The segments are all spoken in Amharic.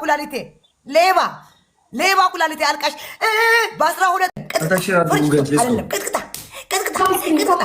ኩላሊቴ ሌባ ሌባ ኩላሊቴ አልቃሽ በአስራ ሁለት ቅጥቅጣ ተቀጠቀጠ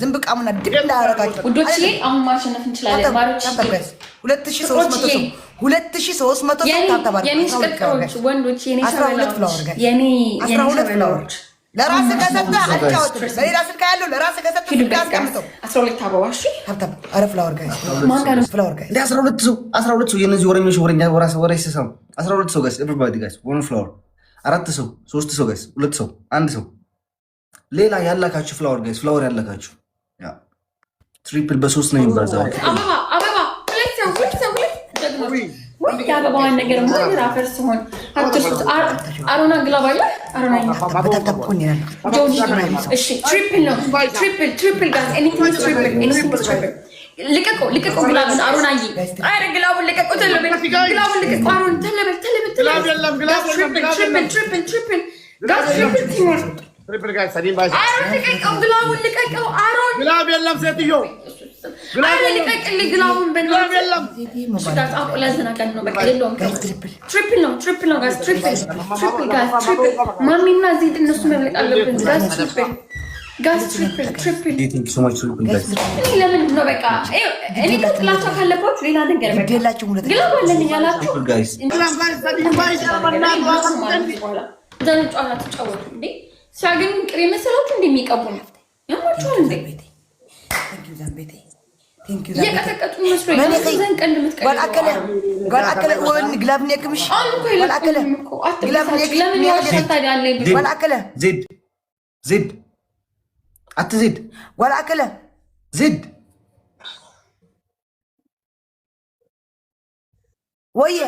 ዝም ብቃ ሙና ድብ እንዳያረጋችሁ ውዶች፣ አሁን ማሸነፍ እንችላለን። ሁለት ሺህ ሦስት መቶ ወንዶች የኔ ፍላወሮች ለራስ ከሰጠህ አጫወት። በሌላ ስልክ ያለው ለራስ ከሰጠህ አስራ ሁለት አበባ እሺ። ሀብታም ኧረ ፍላወር ጋይስ ፍላወር ጋይስ አስራ ሁለት ሰው አስራ ሁለት ሰው የእነዚህ ወረኞች ወረኛ ወራስ ወራይ ሲሰሙ አስራ ሁለት ሰው ጋይስ ኤቭሪባዲ ጋይስ ወን ፍላወር አራት ሰው ሶስት ሰው ጋይስ ሁለት ሰው አንድ ሰው ሌላ ያላካችሁ ፍላወር ጋይስ ፍላወር ያላካችሁ ትሪፕል በሶስት ነው የሚበዛ የአበባዋን ነገር ሲሆን አሮና ግላባለ አሮን ግላብ የለም ሴትዮ፣ ግላብ የለም። ጋዝ ትሪፕል ትሪፕል ለምንድን ነው? በቃ ሲያገኙ ቅር የመሰላችሁ እንደሚቀቡ ነፍተ ያማችኋል እንዴ? የቀጠቀጡ መስሎ ዘን ቀንድ ምትቀ ወየ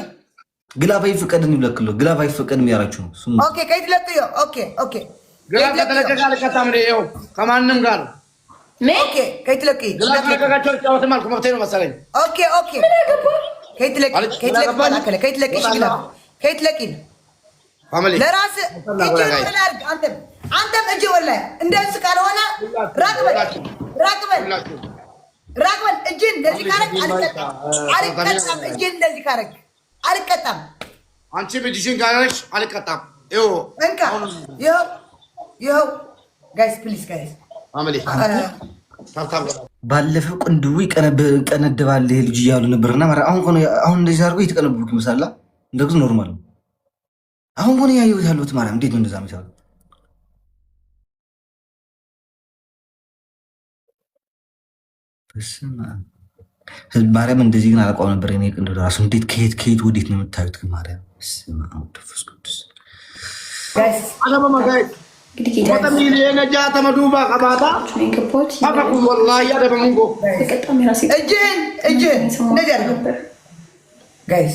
ግላፍ አይፈቀድም ይብለክሎ ግላፍ አይፈቀድም ያራችሁ ነው። ኦኬ ከይት ለጥዮ ኦኬ ኦኬ ከማንም ጋር ነው። አንተም እጅ ወላሂ እንደሱ እንደዚህ ካረግ አልቀጣም አልቀጣም። እጅን ካረግሽ አልቀጣም። ይኸው ጋይስ ፕሊስ ጋይስ ባለፈው ቅንድቡ ይቀነድባል ይሄ ልጅ እያሉ ነበርና አሁን አሁን እንደዚህ አድርጎ የተቀነብቡት ይመስላል። እንደግዙ ኖርማል አሁን ሆነ ያየሁት ያሉት ማለት እንዴት ነው እንደዛ ሚሳሉ ማርያም እንደዚህ ግን አላውቀውም ነበር። እኔ ቅንድ ራሱ እንዴት ከየት ከየት ወዴት ነው የምታዩት? ግን ማርያም ስማ ተፈስ ቅዱስ ወጠሚኔ ተመዱባ ቀባታ ወላሂ አደበንጎ እጄን እጄን እንደዚህ አድርገው ጋይስ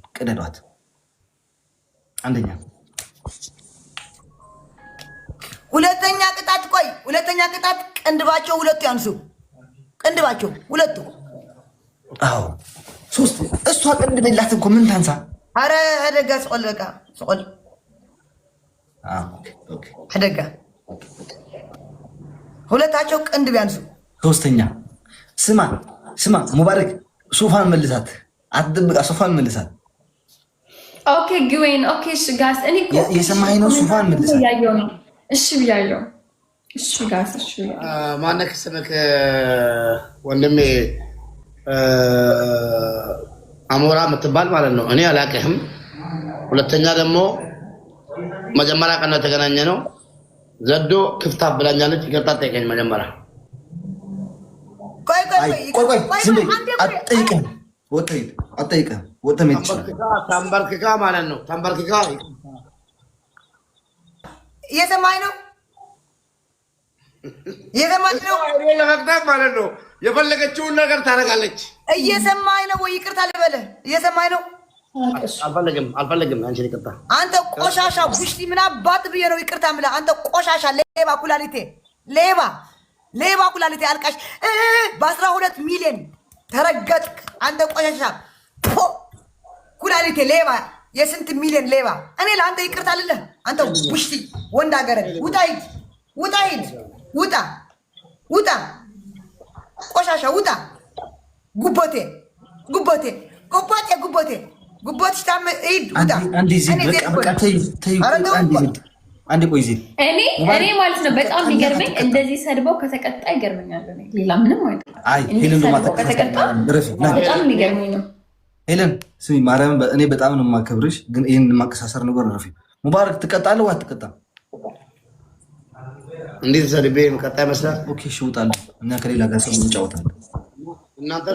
ቅደዷት። አንደኛ ሁለተኛ ቅጣት ቆይ፣ ሁለተኛ ቅጣት ቅንድባቸው ሁለቱ ያንሱ፣ ቅንድባቸው ሁለቱ። አዎ ሶስት እሷ ቅንድብ የላት እኮ ምን ታንሳ? አረ አደጋ ስቆል፣ በቃ ስቆል፣ አደጋ። ሁለታቸው ቅንድብ ያንሱ። ሶስተኛ ስማ፣ ስማ፣ ሙባረክ ሶፋን መልሳት፣ አትደብቃ፣ ሶፋን መልሳት ኦኬ ግዌን ኦኬ እሺ ጋስ እኔ የሰማኸኝ ነው። ሱፋን መልሰ ያየው ነው። እሺ ብያየው። እሺ ጋስ እሺ ማነክ ስምክ ወንድሜ አሞራ የምትባል ማለት ነው። እኔ አላውቅህም። ሁለተኛ ደግሞ መጀመሪያ ቀን የተገናኘ ነው። ዘዶ ክፍታ ብላኛለች። ይቅርታ ጠይቀኝ መጀመሪያ። ቆይ ቆይ ቆይ ቆይ ቆይ ቆይ ወጥተህ ሂድ። አትጠይቅህም። ወጥተህ መሄድ ትችላለህ። ተንበርክካ ማለት ነው። ተንበርክካ እየሰማኝ ነው። እየሰማኝ ነው። ለመቅጣት ማለት ነው። የፈለገችውን ነገር ታደርጋለች። እየሰማኝ ነው ወይ? ይቅርታ ልበልህ። እየሰማኝ ነው። አልፈለግም፣ አልፈለግም። አንቺን ይቅርታ። አንተ ቆሻሻ ጉሽቲ ምናባት ብዬ ነው ይቅርታ የምልህ። አንተ ቆሻሻ ሌባ፣ ኩላሊቴ ሌባ፣ ሌባ ኩላሊቴ አልቃሽ በአስራ ሁለት ሚሊዮን ተረገጥክ አንተ ቆሻሻ ኩላሊቴ ሌባ የስንት ሚሊዮን ሌባ እኔ ለአንተ ይቅርታ ልልህ አንተ ውሽቲ ወንድ ሀገረ ውጣ ሂድ ውጣ ሂድ ውጣ ውጣ ቆሻሻ ውጣ ጉቦቴ ጉቦቴ ጉቦቴ ጉቦቴ ጉቦት ሂድ ውጣ አንድ ቆይ ዚል እኔ ማለት ነው በጣም ይገርመኝ። እንደዚህ ሰድበው ከተቀጣ ይገርመኛል። ሌላ ምንም አይደለም። አይ ሄለን በጣም ይገርመኝ ነው። ሄለን ስሚ ማርያም፣ እኔ በጣም ነው የማከብርሽ፣ ግን ይህን ማቀሳሰር ነገር ረፊ ሙባረክ ትቀጣለህ ወይ አትቀጣም? እንዴት ሰድቤ የምቀጣ ይመስላል? ኦኬ እሺ፣ ውጣለሁ እና ከሌላ ጋር ሰው እንጫወታለን እናንተ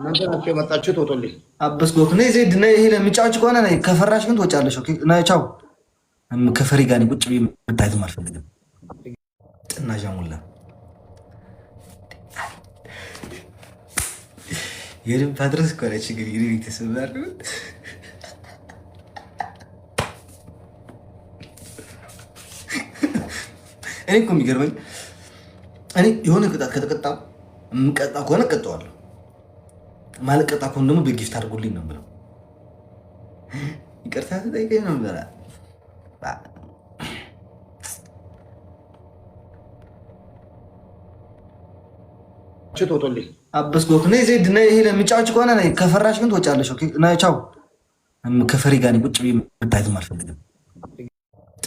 እናንተ ናቸው የመጣችሁት። ወጦልኝ አበስ ጎክ ዜድ ነይ። ይሄ ከሆነ ከፈራሽ ግን ትወጫለሽ። ከፈሪ ጋር ቁጭ አልፈልግም። የድም ፓትረስ እኮ ነች እኔ እኮ የሚገርመኝ እኔ የሆነ ቅጣት ከተቀጣ የምቀጣ ከሆነ ቀጠዋለሁ ማልቀጣ ከሆነ ደግሞ በጊፍት አድርጉልኝ ነው ብለው ይቅርታ ተጠይቀኝ ነው ብላ አበስጎክ ነይ ዜድ ነይ። ይሄ ለምጫዎች ከሆነ ከፈራሽ ግን ትወጫለሽ። ናቻው ከፈሪ ጋር ቁጭ ብዬ መታየትም አልፈልግም።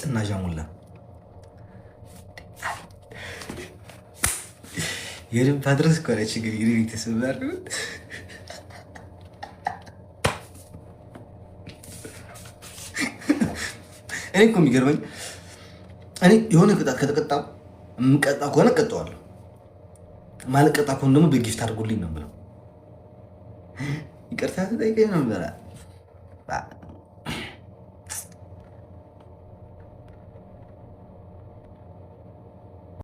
ጥናዣ ሙላ የድም ታድረስ እኮ ነች። እንግዲህ ቤተሰብ እኔ እኮ የሚገርመኝ እኔ የሆነ ቅጣት ከተቀጣ የምቀጣ ከሆነ እቀጣዋለሁ፣ ማልቀጣ ከሆነ ደግሞ በጊፍት አድርጎልኝ ነው ብለው ይቅርታ ተጠይቀኝ ነው ብላ